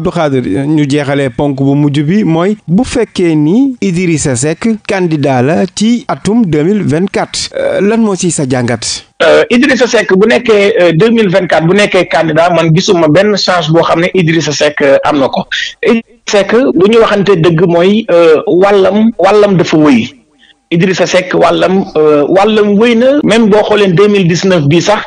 Abdou Khadir ñu jeexalee ponk bu mujj bi mooy bu fekkee ni sa Seck candidat la ci atum 2024 euh, lan moo ci sa jàngat. Euh, sa sekk bu nekkee euh, deux mille vingt quatre bu nekkee candidat man gisuma benn chance boo xam ne sa Seck am na ko Idrissa Seck bu ñu waxante dëgg mooy wàllam wàllam dafa wëy Idrissa Seck wàllam wàllam wëy na même boo xoolee deux mille dix neuf bii sax.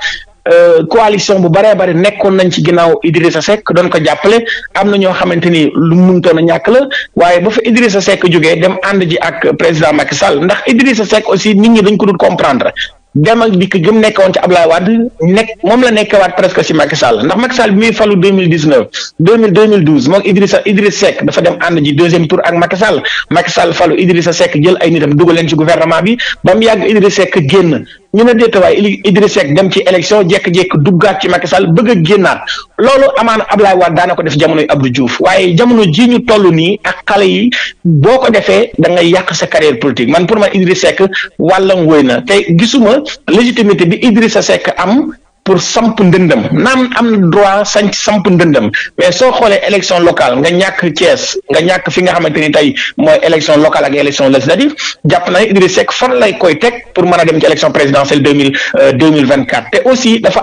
Euh, coalition bu baree bari nekkoon nañ ci ginnaaw sa sekk doon ko jàppale am na ñoo xamante ni lu mënutoon a ñàkk la waaye ba fa Idrissa Seck jógee dem ànd ji ak président Macky Sall ndax Idrissa Seck aussi nit ñi dañ ko dul comprendre. dem ak dikk gëm nekkoon ci Ablaye Wade nekk moom la nekkewaat presque ci Macky Sall ndax Macky Sall bi muy falu deux mille dix neuf deux mille deux mille douze moom Idrissa Idrissa Seck dafa dem ànd ji deuxième tour ak Macky Sall Macky Sall falu Idrissa jël ay nitam dugal leen ci gouvernement bi ba mu yàgg Idrissa Seck génn ñu ne déet waaye Idriss Seck dem ci élection jékki-jékki duggaat ci Macky Sall bëgg a génnaat loolu amaana Ablaye Wade daana ko def jamonoy Abdou Diouf waaye jamono ji ñu toll nii ak xale yi boo ko defee da ngay yàq sa carrière politique man pour man Idriss Seck wàllam wëy na te gisuma légitimité bi sa Seck am pour samp ndëndëm naan am na droit sañ samp ndëndëm mais soo xoolee élection locale nga ñàkk cees nga ñàkk fi nga xamante ni tey mooy élection locale ak élection législative jàpp na ne Idriss Seck fan lay koy teg pour mën a dem ci élection présidentielle deux mille euh, deux mille vingt quatre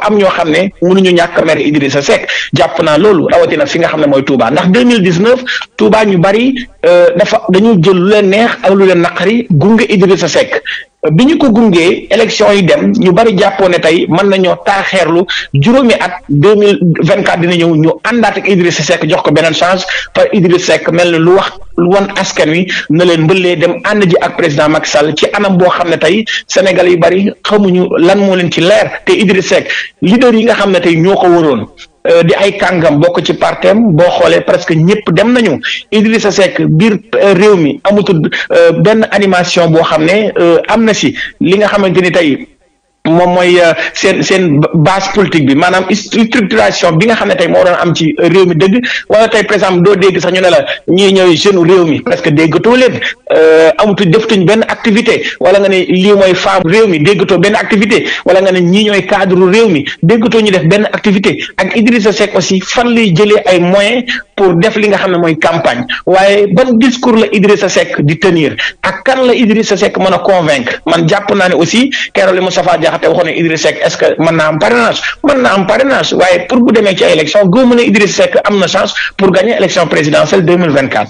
am ñoo xam ne mënuñu ñàkk maire Idrissa Seck jàpp naa loolu rawatina fi nga xam ne mooy Touba ndax deux mille dix neuf Touba ñu bari euh, dafa dañu jël lu leen neex ak lu leen naqari gunge sa Seck bi ñu ko gungee élection yi dem ñu bari jàppoo ne tey mën nañoo taaxeerlu juróomi at deux mille vingt quatre dina ñëw ñu àndaat ak Idriss Seck jox ko beneen change par Idriss Seck mel na lu wax wan askan wi na leen mbëllee dem ànd ji ak président Macky Sall ci anam boo xam ne tey Sénégal yu bari xamuñu lan moo leen ci leer te Idriss Seck leader yi nga xam ne tey ñoo ko waroon euh, di ay kàngam bokk ci partem boo xoolee presque ñëpp dem nañu sa Seck biir euh, réew mi amutul euh, benn animation boo xam ne am na si li nga xamante ni tey moom mooy euh, seen seen base politique bi maanaam structuration bi nga xam ne tey moo doon am ci euh, réew mi dëgg wala tey par exemple doo dégg sax ñu ne la ñii ñooy jeune réew mi parce que déggatoo leen euh, amatu deftuñ benn activité wala nga ne lii mooy femme réew mi déggatoo benn activité wala nga ne ñii ñooy cadre réew mi déggatoo ñu def benn activité ak Idrissa Seck aussi fan lay jëlee ay moyen pour def li nga xam ne mooy campagne waaye ban discours la Idrissa Seck di tenir ak kan la Idrissa Seck mën a convaincre Diakhaté waxoon na Idriss Seck est-ce que mën naa am parrainage mën naa am parrainage waaye pour bu demee ci élection gëmu ne Idriss Seck am na chance pour gagner élection présidentielle deux mille vingt quatre